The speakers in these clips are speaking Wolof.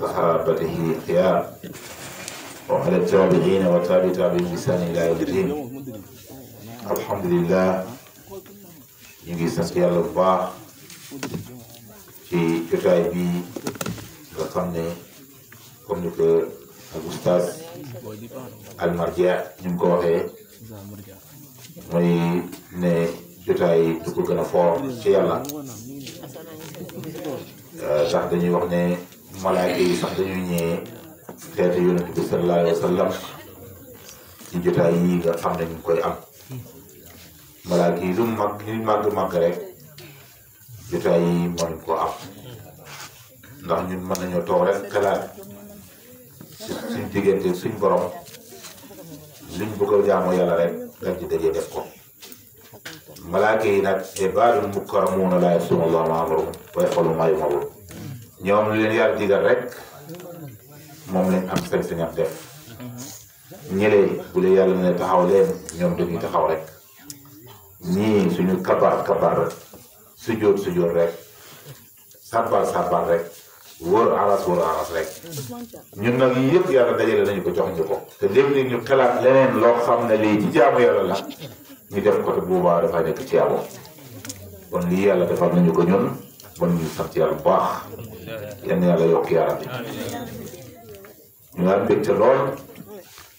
ظهر به الخيار وعلى التابعين وتابع تابعين بسان الى الدين الحمد لله نجي سنتي على الباخ في جوتاي بي رقمني كم نكو الاستاذ المرجع نمكوهي مي ني جوتاي دوكو كنا فور سي يالا داخ دانيي واخ ني malaaka yi sax dañu ñëwee seete yonent bi wa sallam ci jotaay yi nga xam ne ñu koy am malaaka yi lu mag li màgg màgg rek jotaay yi mën koo am ndax ñun mën nañoo toog rek xalaat suñ diggante suñ borom liñ bëgg a yàlla rek dañ ci dajee def ko malaaka yi nag ibaadul mukarramuuna laa ya'suuna llaaha maa amarahum wa yaf'aluuna maa yu'maruun ñoom li leen yàlla digal rek moom lañ am sañ-sañam def ñëlee bu leen yàlla ne taxaw leen ñoom dañuy taxaw rek ñii suñu kabaar kabaar rek sujjóot sujjóot rek sàbbaal sàbbaal rek wóor aras wóor aras rek ñun nag yii yëpp yàlla dajale nañu ko jox ñu ko te léeg-léeg ñu xalaat leneen loo xam ne lii jaamu yàlla la ñu def ko te boobaa dafay nekk ci yàlla kon lii yàlla defal nañu ko ñun ba sertial bah yang bu baax yenn yàlla yokk yaram bi ñu ngi am mbégte lool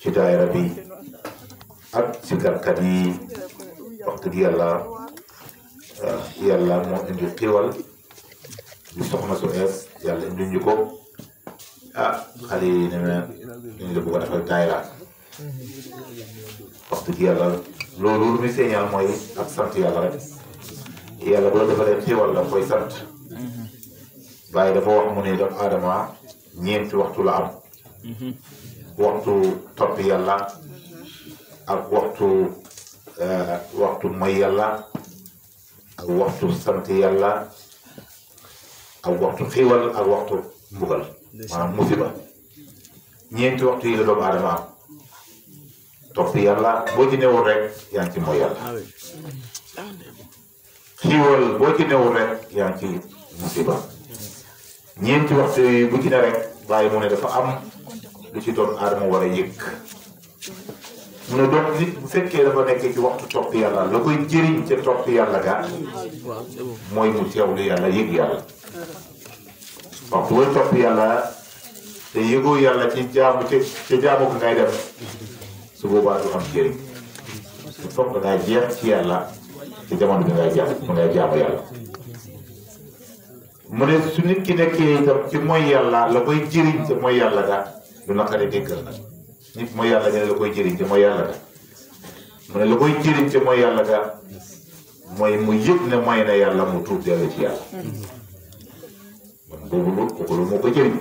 ci daayira bi ak sikarkat yi wax dëgg yàlla yàlla eh, moo indi xéwal ñu soxna su ees yàlla indi ñu ko ah xale yi ne ma ñu la bëgg a yàlla boo defalee xéwal da koy sant bàyyi dafa wax mu ne doomu aadama ñeenti waxtu la am waxtu topp yàlla ak waxtu eh, waxtu mooy yàlla ak waxtu sant yàlla ak waxtu xéwal ak waxtu mbugal maanaam musiba ñeenti waxtu yi la doomu aadama topp yàlla boo ci newoon rek yaa ngi ci mooy yàlla xiiwal boo ci newul rek yaa ngi ci musiba ñeenti waxtu bu ci rek bàyyi mu ne dafa am lu ci doon aadama war a yëg mu ne donc nit bu fekkee dafa nekk ci waxtu topp yàlla la koy jëriñ ca topp yàlla ga mooy mu teewlu yàlla yëg yàlla waxtu booy topp yàlla te yëgoo yàlla ci jaamu ca ca jaamu ko ngay def su boobaa am jëriñ su foog da jeex ci yàlla jamono bi ngay jàpp mu ngay jaamu yàlla mu ne su nit ki nekkee itam ci mooy yàlla la koy jëriñ te mooy yàlla ga lu naqari déggal nag nit mooy yàlla ga ne la koy jëriñ te mooy yàlla ga mu ne la koy jëriñ te mooy yàlla ga mooy mu yëg ne mooy na yàlla mu tuub dellu ci yàlla man boobu lu kooku lu moo ko jëriñ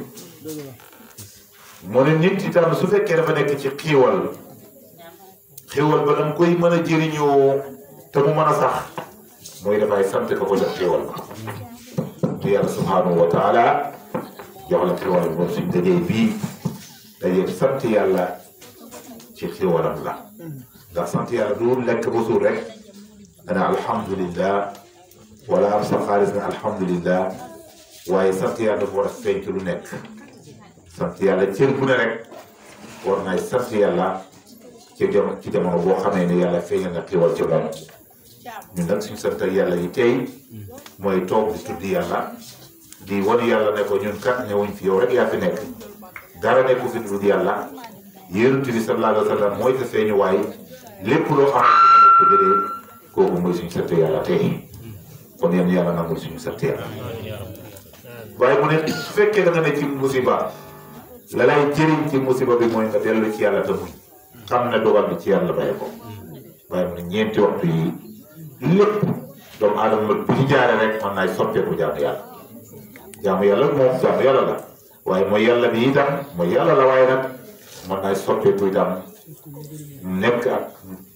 mu ne nit itam su fekkee dafa nekk ci xiiwal xiiwal ba danga koy mën a jëriñoo te mu mën a sax mooy dafay sant ka ko def xéewal ba di yàlla subhanahu wa taala jox la xéewal moom suñ dajee bii dajee sant yàlla ci xéewalam la ndax sant yàlla du lekk ba suur rek ana alhamdulillah wala am sa xaalis na alhamdulillah waaye sant yàlla dafa war a feeñ ci lu nekk sant yàlla cër bu ne rek war naay sant yàlla ci jamono ci jamono boo xamee ne yàlla feeñal na xéewal ci moom ñun nag suñu santal yàlla yi tey mooy toog di tudd yàlla di wan yàlla ne ko ñun kat ñëwuñ fi yow rek yaa fi nekk dara nekku fi tudd yàlla yonent bi sallallahu alayhi wa sallam mooy sa feeñu waay lépp loo xam ne ko jëlee kooku mooy suñu sant suñu sant yàlla waaye fekkee da nga ne ci ci ci yàlla te muñ xam ne dogal ci yàlla bàyyi ko waaye mu ne ñeenti waxtu yi lépp doomu aadama nag bu ci jaaree rek mën naay jaamu yàlla jaamu yàlla moom jaamu yàlla la waaye mooy yàlla bi itam mooy yàlla la waaye nag mën naay soppeeku itam nekk ak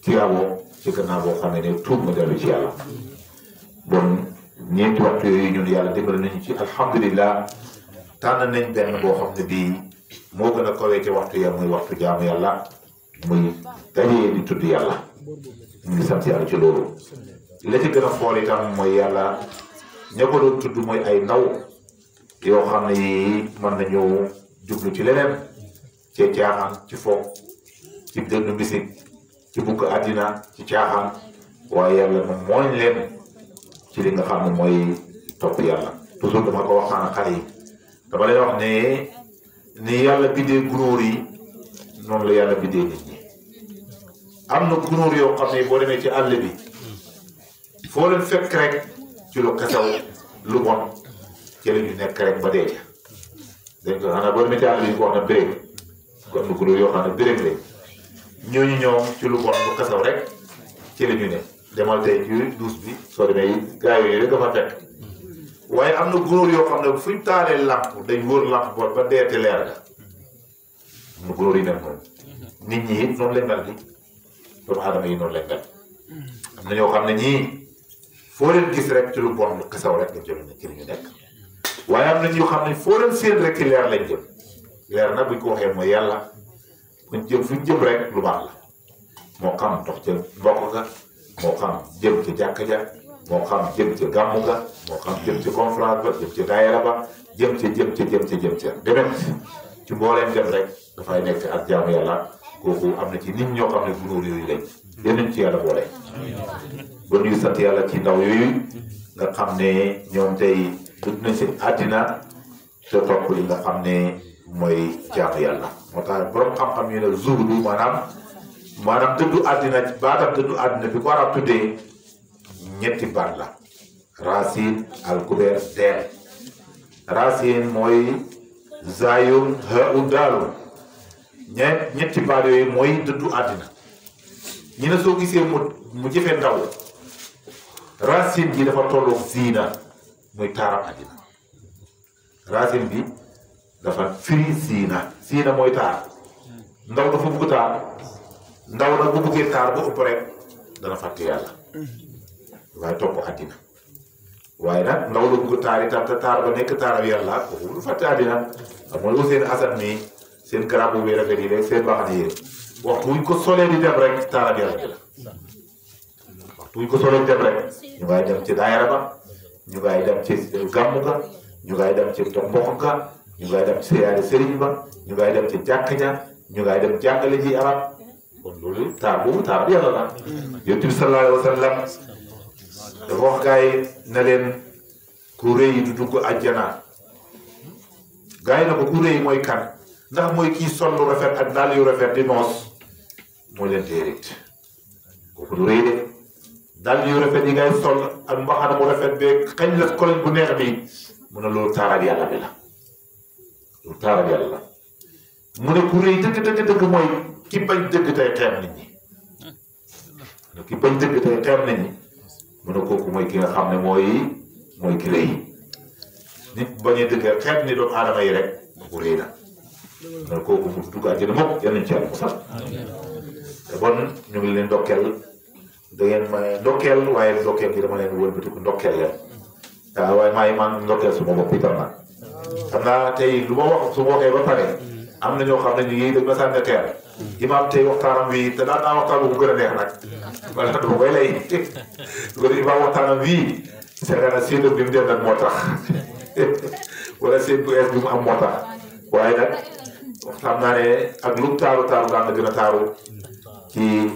tiyaaboo ci gannaaw boo xam ne tuub ma dellu ci yàlla bon ñeenti waxtu yooyu ñun yàlla dimbali nañu ci alhamdulilah tànn nañ benn boo xam ne bii moo gën a kawee ci waxtu ya muy waxtu jaamu yàlla muy dajee di tudd yàlla ñu ngi sant yàlla ci loolu la ci gën a mooy yàlla ña ko doon tudd mooy ay ndaw yoo xam ne yii mën nañu jublu ci leneen ci caaxaan ci fo ci dënnu misik ci bukk àddina ci caaxaan waaye yàlla moom mooñ leen ci li nga xam ne mooy topp yàlla toujours dama ko waxtaan xale yi dama lay wax ne ni yàlla bindee gunóor yi noonu la yàlla bindee nit ñi am na gunóor yoo xam ne boo demee ci àll bi foo leen fekk rek ci lu kasaw lu bon ci la ñu nekk rek ba dee dañ ko kon lu gudd yoo xam ne béréb lañ ñooñu ñoom ci lu bon lu kasaw rek ci la ñu ne waaye am na góor yoo xam ne fuñ taalee làmp dañ wóor làmp bool ba dee te leer la yi mel noonu nit ñi it am na ñoo xam ne ñii. foo leen gis rek ci lu bon lu xesaw rek nga jëm ci li ñu nekk waaye am na ñoo xam ne foo leen séen rek leer lañ jëm leer nag buñ ko waxee mooy yàlla buñ jëm fuñ jëm rek lu baax la moo xam dox ca mbokk ga moo xam jëm ca jàkka ja moo xam jëm ca gàmmu ga moo xam jëm ca conférence ba jëm ca daayira jëm ca jëm ca jëm ca jëm ci mbooleem dem rek dafay nekk ak jaamu la kooku am na ci nit ñoo xam ne gunóor yooyu lañ yeneen ci yàlla boole ba ñuy sant yàlla ci ndaw yooyu nga xam ne ñoom tey dund na si àddina te topp li nga xam ne mooy jaamu yàlla moo tax borom xam-xam yi ne zuhdu maanaam maanaam dëddu àddina baatam dëddu àddina bi ko war a tuddee ñetti baat la racine alkubeer deel racine mooy zayum haudaalu ñe ñetti baat yooyu mooy dëddu àddina ñu ne soo gisee mu mu jëfee ndaw racine bi dafa tolloog siina muy taaram àddina racine bi dafa firi ziina siina mooy taar ndaw dafa bugg taar ndaw nag bu buggee taar bu ëpp rek dana fàtte yàlla waaye topp àddina waaye nag ndaw la bugg taar itam te taar ba nekk taaram yàlla kooku du fàtte àddina mooy seen asat nii seen garab bu wéer a yi rek seen baaxan yéen waxtu wuñ ko solee di dem rek taal yàlla waxtu wuñ ko solee di dem rek ñu ngay dem ci daayira ba ñu ngay dem ci gàmm ga ñu ngay dem ci mboq ga ñu ngay dem ci siyaare sëriñ ba ñu ngay dem ci jàkk ja ñu ngay dem jàngale ji arab taal boobu taal bi yàlla la yonent bi sallallahu alayhi wa sallam dafa wax gaa yi na leen ku rëy du dugg àjjana gaa yi na ko ku rëy mooy kan ndax mooy kii sol lu rafet ak daal yu rafet di noos moo leen téye nit kooku du rëy de daal yu rafet yi ngay sol ak mbaxana mu rafet beeg xañ la koloñ bu neex bi mu ne loolu taarab yàlla bi la loolu taarab yàlla mu ne ku rëy dëgg dëgg mooy ki bañ dëgg tey xeeb ni doomu aadama yi rek kooku rëy na mu ne kooku mu dugg àjjana moom yal nañu ci yàlla musal te bon ñu ngi leen ndokkeel da ngeen ma ndokkeel waaye ndokkeel bi dama leen wëlbatiku ndokkeel leen waaw ah, waaye maa ngi maa ngi ndokkeel su ma bopp itam nag xam naa tey lu ma wax su waxee ba pare am na ñoo xam ne ñu ngi dégg na sànni teer imaam tey waxtaanam wi te daan naa waxtaan bu gën a neex nag wala du koy lay du ko bi mu dem nag moo tax wala séed bu ees bi mu am moo tax waaye nag waxtaan naa ne ak lu taaru taaru daan na gën a taaru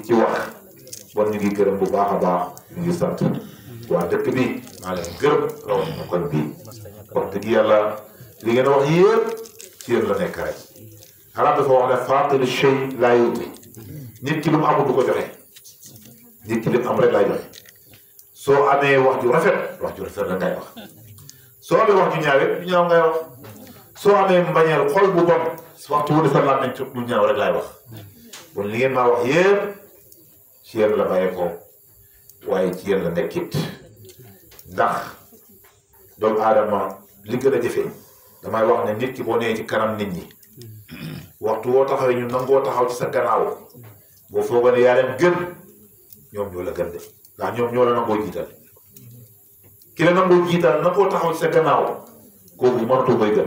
ci wax bon ñu ngi gërëm bu baax a baax ñu ngi sant waa dëkk bi maa leen gërëm rawatina kon bii wax dëgg yàlla li ngeen la nekk rek ki lu mu amul du am rek soo amee wax ju rafet soo amee du ñaaw soo amee mbañeel xol bu bon waxtu wu ne rek laay wax bon li ngeen maa wax yëpp ci yéen la bàyyee ko la nekkit ndax doomu li gën a jëfee damay wax ne nit ki boo nee kanam nit ñi waxtu woo taxawee ñu nangoo taxaw ci sa gannaaw boo foogoo yaa leen gën ñoom ñoo la gën de ndax ñoom ñoo la nangoo jiital ki la nangoo jiital nangoo taxaw ci sa gannaaw kooku mënatoo koy gën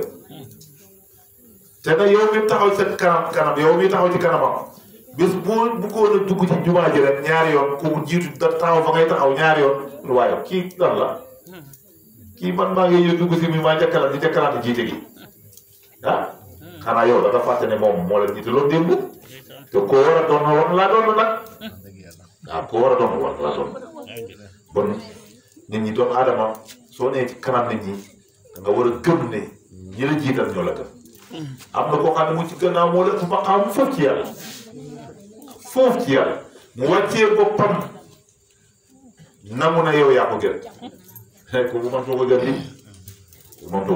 te na yow mi taxaw ci sa kanam kanam yow mi taxaw ci kanamam bis boo bëggoon a dugg ci jumaa ji rek ñaari yoon kooku jiitu da taxaw fa ngay taxaw ñaari yoon waaye kii lan la kii man maa ngi dugg si mi maa njëkkalaan di njëkkalaan jiite gi ah xanaa yow da nga fàtte ne moom moo leen jiite loolu démb te koo war a doon war laa doon nag waaw koo war a doon war bon nit ñi doomu aadama soo nee ci kanam nit ñi da war a gëm ne ñi la jiital ñoo la gëm am na koo xam ne mu ci gannaaw moo la su ma xaw ma foofu ci yàlla. foofu ci yàlla mu wàccee boppam yow yaa ko gën ko bu man soo ko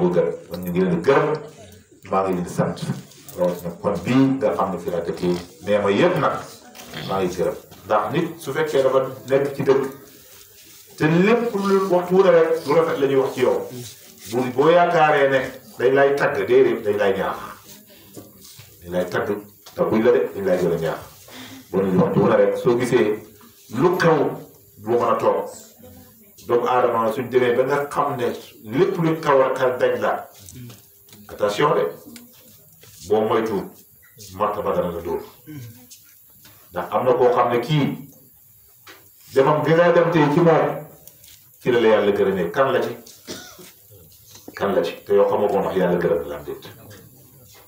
ko gën man gërëm maa ngi di sant rawatina kon bii nga xam fi laa dëkkee nee ma yëpp nag maa ngi gërëm ndax nit su fekkee dafa nekk ci dëkk te lépp lu waxtu wu rek lu rafet la wax ci yow bu boo yaakaaree ne dañ lay tagg déedéet dañ lay ñaax dañ lay tagg te buñ la lay ñaax bon waxtu wu ne rek soo gisee lu xew bu mën a toog doomu aadama suñ demee ba nga xam ne lépp luñ xaw a xel dañ la attention de boo moytu martaba dana la dóor ndax am na koo xam ne kii demam bi ngay dem tey ci moom ci la la yàlla gërëmee kan la ci kan la ci te yoo xamoo ko ndax yàlla gërëm la am déet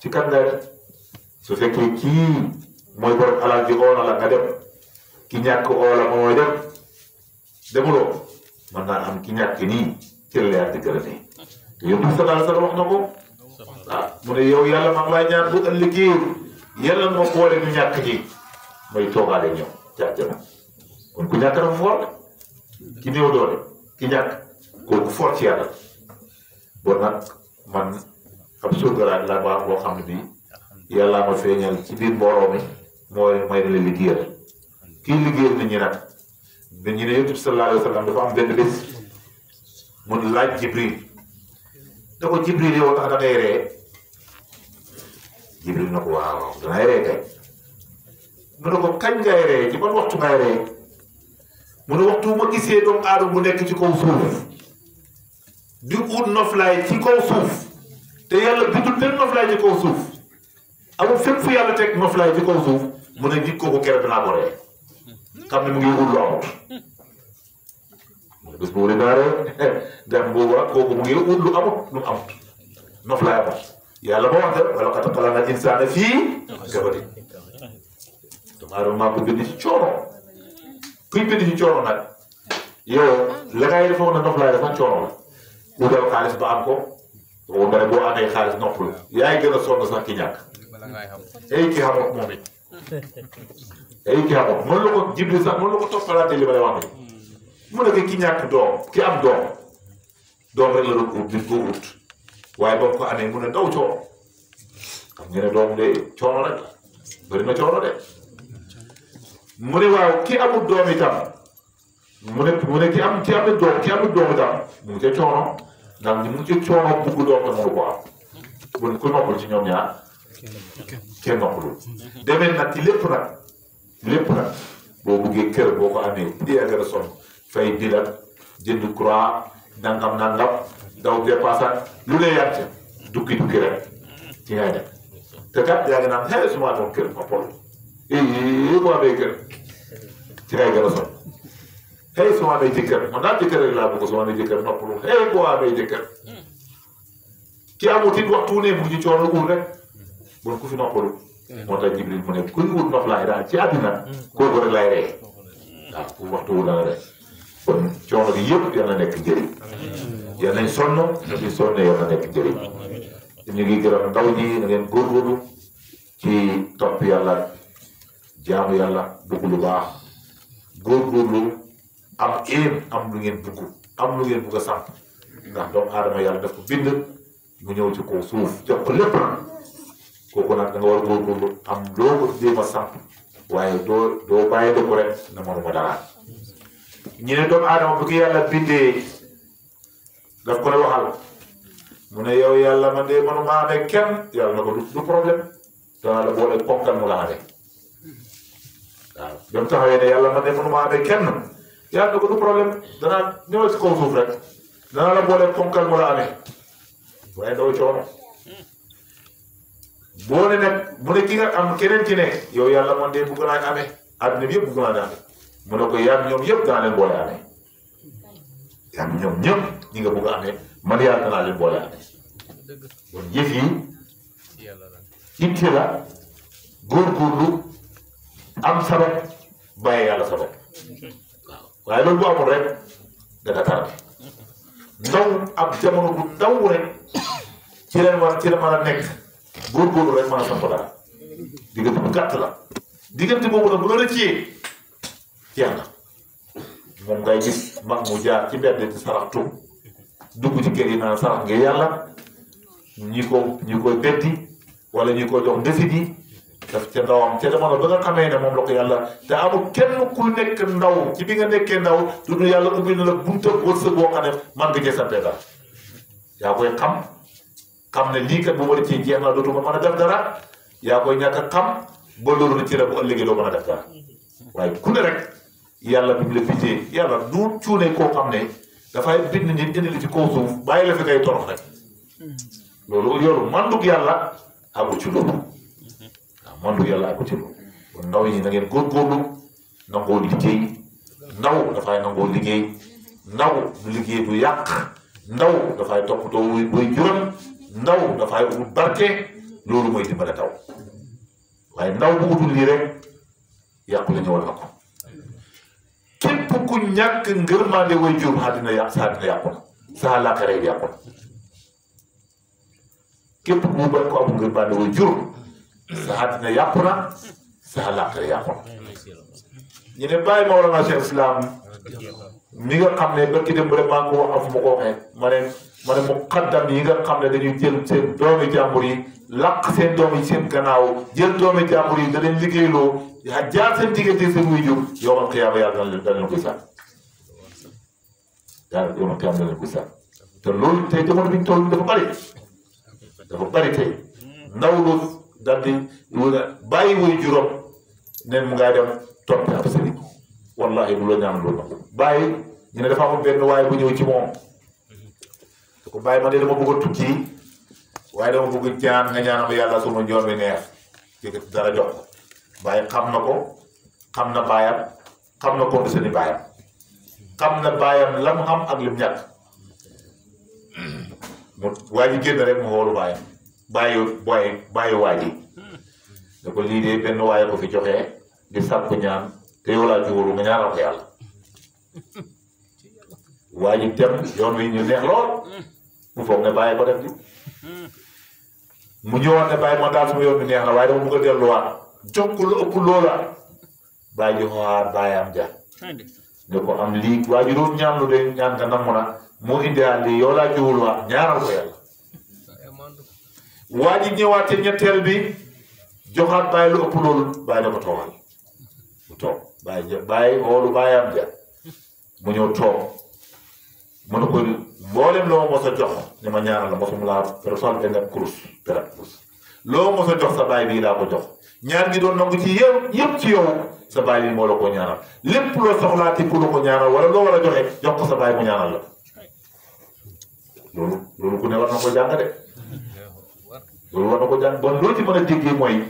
ci kan nga kii moy borom alal ji oo la nga dem ki ñàkk oo la mooy dem demuloo ya ya ya man naa am ki ñàkk nii ci la leer di gërëte te yow sa salaa sa wax na ko ah mu ne yow yàlla maa ngi laa ñaan bu ëllëgee yàlla moo boole ñu ñàkk ji mooy toogaale ñoom jàjjana kon ku ñàkk dafa foor ki néew doole ki ñàkk kooku foor ci yàlla bon nag man ab surgaraat la baax boo xam ne bii yàlla ma feeñal ci biir mbooloo mi mooy mooy la liggéeyal kii liggéeyal nit ñi nag nit ñi ne yonent bi sallallahu alayhi wa sallam dafa am benn bés mun laaj jibril da ko jibril yow tax da ngay ree jibril na ko waaw dangay ree kay mu ne ko kañ ngay ree ci ban waxtu ngay ree mu ne waxtu ma gisee doomu aadama bu nekk ci kaw suuf di ut noflaay ci kaw suuf te yàlla bindul benn noflaay ci kaw suuf amul fépp fu yàlla teg noflaay ci kaw suuf mu ne nit kooku keroog dinaa ko ree xam ne mu ngi wut lu amut mu ngi wut lu amut lu amut yàlla ba wax de wala kat xalaat na insaana fii gabadi doomu aadama maa ko bind ci coono kuy bind ci coono nag yow la ngay defoon na nof laa defoon la xaalis ba am ko boo boo amee xaalis noppul yaay gën a sonn sax ki ñàkk ay ki xamut moom it day eh, keexoo mën la ko jibli sax mën la ko toppalaatee li may wax nii mu ne ki ñàkk doom ki am doom doom rek la doon ut di ko waaye ba ko amee mu ne daw coono xam nga doom de coono rek bëri na coono de mu ne waaw ki amul doom itam mu ne mu ne mu coono ndax mu ngi ca coono bugg doom te mënu ku ci ñoom ñaar. kenn noppalu demee nag ci lépp nag lépp nag boo buggee boo ko amee prix agression fay dilat jënd croix nangam nangam daw dépassé lu ne yàgg dukki dukki ci ngay def te kat yaa ngi naan xëy su ma doon kër Fapal eh, eh boo amee kër ci ngay gën a sonn xëy su ma amee jëkkër man daal jëkkër rek laa bëgg su ma amee jëkkër noppalu xëy boo amee ki amut it waxtu ne mu ngi coono rek. bon ku fi noppalu moo tax jibril mu ne kuy wut noflaay daal ci àddina kooku rek lay ree waaw ku waxtu wu dana rek kon coono gi yëpp yal na nekk njëriñ yal nañ sonn ñu ngi sonnee yal na nekk njëriñ ñu ngi gërëm ndaw ñi na ngeen góorgóorlu ci topp yàlla jaamu yàlla bëgg lu baax góorgóorlu am éem am lu ngeen bëgg am lu ngeen bëgg a ndax doomu aadama yàlla daf ko bind mu ñëw ci kaw suuf jox ko lépp kooku nag nga war a góorgóorlu am doo ko jéem a samp waaye doo doo bàyyi dëkk rek na mënuma dara ñu doomu aadama bu yàlla bindee daf ko la waxal mu ne yow yàlla man de mënuma amee amee waaw yàlla man du problème danaa ñëwal si kaw suuf rek danaa la boole ponkal mu la amee waaye doo coono. boo ne nag mu ne ki nga am keneen ki ne yow yàlla man de bëgg naa amee adduna bi yëpp bëgg naa amee mu ne ko yaag ñoom yëpp danaa leen boole amee yaag ñoom ñëpp ñi nga bëgg a amee man yàlla danaa leen boole amee kon yëf yi itti la góorgóorlu am sabab bàyyi yàlla sabab waaye loolu bu amul rek danga tardé ndaw ab jamono bu ndaw rek ci leen war ci la nekk góorgóorlu rek mën a samp diggante bu gàtt la diggante boobu nag bu la rëccee jeex na moom ngay gis mag mu jaar ci mbedd di sarax tuub dugg ci kër yi naan sarax nga yàlla ñi ko ñi koy beddi wala ñi koy jox ndesit yi daf ca ndawam ca jamono ba nga xamee ne moom la ko yàlla te amul kenn ku nekk ndaw ci bi nga nekkee ndaw du yàlla ubbi na la bunta wërsëg boo xam ne man nga jësantee daal yaa koy xam xam ne lii kat bu ma rëccee jeex na dootuma mën def dara ya koy ñàkk a xam ba loolu ci la bu ëllëgë do mën def dara waye ku ne rek yalla bi mu la bindee yàlla du cuune ko xam ne fay bind ni indi la ci ko suuf baye la fi kay torox rek lolu yoru mandug yalla àggu ci lolu waaw mandug yàlla àggu ci lolu ndaw yi na ngeen góorgóorlu nangoo liggéey ndaw da dafay nangoo liggéey ndaw du liggéey du yàq ndaw dafay toppatoo wuy boy juram ndaw dafay ut barke loolu mooy dimbale taw waaye ndaw bu utul lii rek yàqu la ñëwal na ko képp ku ñàkk ngërmande way jur àddina yàq sa àddina yàqu na sa àllaaxira yàqu na képp ku bañ ko am ngërmande way jur sa àddina yàqu na sa àllaaxira yàqu na ñu ne bàyyi Mawlana Cheikh Islam mi nga xam ne ba ki dem vraiment ko wax afu ma ko waxee ma ne ma ne muqaddam yi nga xam ne dañuy jël seen doomi jàmbur yi làq seen doom yi seen gannaaw jël doomi jàmbur yi da leen liggéeyloo yaa jaar seen diggante seen wuy ko sànni yàlla yowmal xiyaama te loolu tey jamono bi ñu ndaw lu di mu ngaa dem topp ab sëriñ wallahi lu la ñaan loolu bàyyi ñu ne dafa amul benn waaye bu ñëw ci moom ko bàyyi ma de dama bëgg a tukki waaye dama bëgg ñaan nga ñaanal yàlla suma njoor bi neex yëkkati dara jox bàyyi xam na ko xam na baayam xam na ko seeni baayam xam na baayam la mu ak lim ñàkk mu waa ji génn rek ko lii de benn waaye ko fi joxe di sàkku ñaan te yow laa ci nga ñaanal ko yàlla waa ji dem yoon wi ñu neex lool mu foog ne bàyyi ko def li mu ñëwoon ne bàyyi moom daal su ma neex na waaye dama bëgg a delluwaat jokk lu ëpp loola bàyyi ji xaar bàyyi am ja ne ko am lii waa juróom ñaan lu day ñaan te namm ñetteel bi joxaat bàyyi lu ëpp loolu bàyyi na ko toogal mu toog bàyyi ja bàyyi xoolu bàyyi am ja mu ñëw toog mën ko mboolem loo mos a jox ni ma ñaanal la mosum laa sol benn kurus benn kurus loo mos a jox sa baay bii laa ko jox ñaan gi doon nangu ci yow yëpp ci yow sa baay bi moo la ko ñaanal lépp ku la ko ñaanal wala loo a joxe ko ñaanal la loolu loolu ku ne war na ko jàng de loolu war na ko jàng bon loolu ci mën a déggee mooy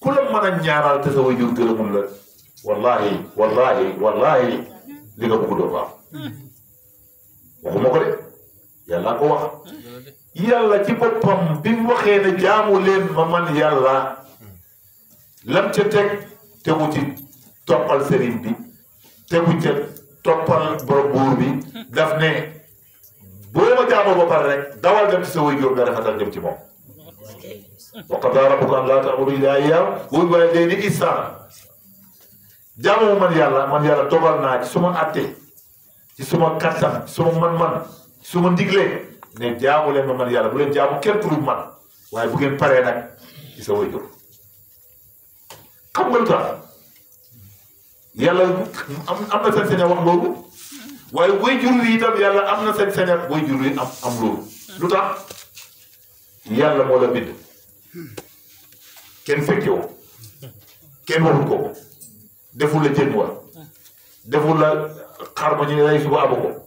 ku la mën a ñaanal te sa wajur gërëmul la wallahi wallahi wallahi li nga bëgg doo ko am ko de. yàlla ko wax yàlla ci boppam bi mu waxee ne jaamu leen ma man yàlla lam ca teg tegu ci toppal sëriñ bi tegu ca toppal borom buur bi daf ne boo ma jaamoo ba pare rek dawal dem ci sa wéy nga rafetal jëm ci moom wa qadaa rabbuka an laa ta'budu man yàlla man yàlla dogal naa ci suma atte ci suma kattan suma man-man su ma diglee ne jaamu leen ma man yàlla bu leen jaamu kenn ku dul man waaye bu ngeen paree nag ci sa waajur xam nga lu tax yàlla am am na sañ-sañ a wax loolu yàlla am na sañ-sañ a waajur yi am am loolu lu tax yàlla moo la bind kenn fekke kenn waxul ko deful la jën wa deful la xar ma ñu lay suba abu ko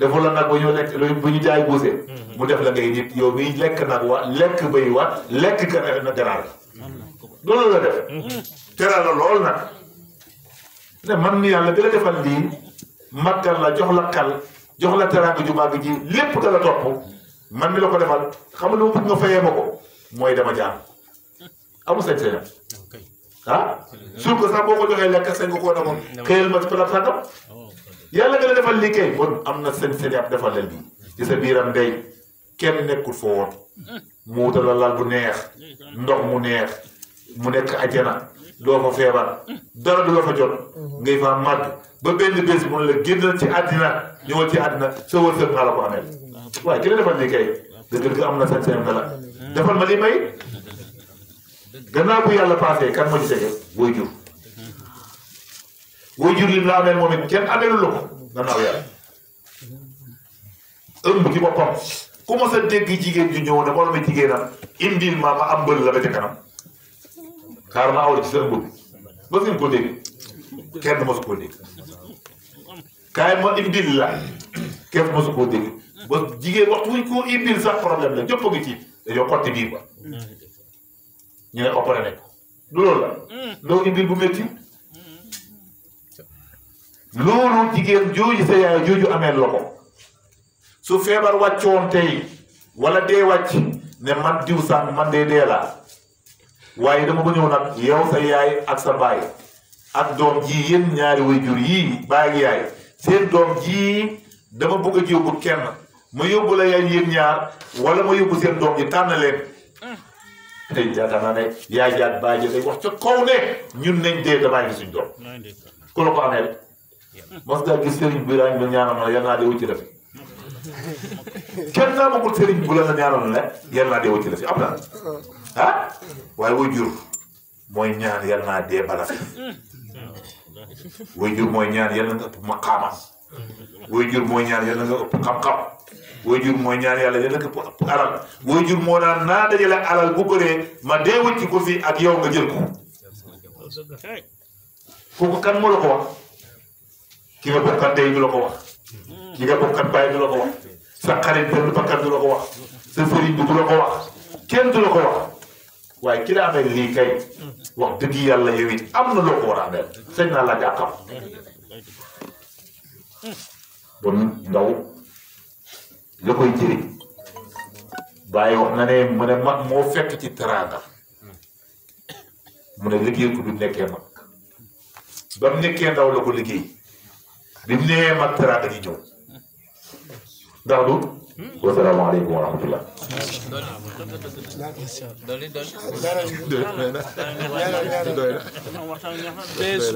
deful la nag bu ñu lekk bu ñu jaay buuse mm-hmm. mu def la ngay nit yow miy lekk nag wa lekk bëy wa lekk ganaar ganaar loolu la def mm-hmm. teral la lool nag ne man ni yàlla bi la defal lii màggal la jox la kal jox la teraanga ju màgg ji lépp da topp man mi la ko defal xam lu mu bëgg nga fayee ma ko mooy dama jaam amul sañ-sañam ah suur ko sax boo ko joxee lekk sañ nga koo mm-hmm. xëyal ma ci palaat sàngam yàlla dana defal lii kay kon am na seen seen ab defal leen lii ci sa biiram day kenn nekkul foo woon mu wutal la lal bu neex ndox mu neex mu nekk ajjana doo fa feebar dara du la fa jot ngay fa màgg ba benn bés mu ne la génnal ci àddina ñëwal ci àddina sa wërsëg naa la ko amee waaye ki la defal lii kay dëgg dëgg am na seen seen la defal ma li may gannaaw bu yàlla paasee kan moo ci tege waajur boo jur lim la ameel moom it kenn ameelu la ko gannaaw yàlla bu ci boppam ku mos a dégg jigéen ju ñëw ne moromi jigéenam indil ma ma am bëri la ba ca kanam xaar ma awal ci sa ëmb bi ba fi ko dégg kenn mosu koo dégg kaay ma indil la kenn mosu koo dégg ba jigéen waxtu wuñ ko indil sax problème la jëpp ngi ci dañoo xotti biir ba ñu ne opéré nañ ko du loolu la mm. bu métti. loolu jigéen jooju sa yaay jooju ameel la ko su feebar wàccoon tey wala dee wàcc ne man diw sànq man dee dee laa waaye dama ko ñëw nag yow sa yaay ak sa baay ak doom ji yéen ñaari waajur yii baay ak yaay seen doom ji dama bëgg a yóbbu kenn ma yóbbu la yaay yéen ñaar wala ma yóbbu seen doom ji tànn leen tey jaata naa ne yaay jaat baay ji day wax ca kaw ne ñun nañ dee damay ngi suñ doom ku la ko amee mos nga gis sëriñ bi daañu ba ñaanal ma yal naa dee wëcc def kenn naa bëggul sëriñ bu la nga ñaanal ne yal naa dee wëcc def am na ah waaye way mooy ñaan yal naa dee bala fi way jur mooy ñaan yal nga ëpp maqaama way jur mooy ñaan yal nga ëpp xam-xam way mooy ñaan yàlla yal na nga ëpp alal way moo naan naa dajale alal bu bëree ma dee wëcc ko fi ak yow nga jël ko kooku kan moo la ko wax ki nga bokkat day du la ko wax ki nga bokkat baay du la ko wax sa xarit benn bakkat du la ko wax sa sëriñ bi du la ko wax kenn du la ko wax waaye ki la amee lii kay wax dëgg yàlla yow am na loo ko war a amee la jàkkam bon la koy ci teraanga mu ne liggéey ko ba mu nekkee ndaw la ko liggéey للنعمة ترى دنيجو دعوة والسلام عليكم ورحمة الله دولي دولي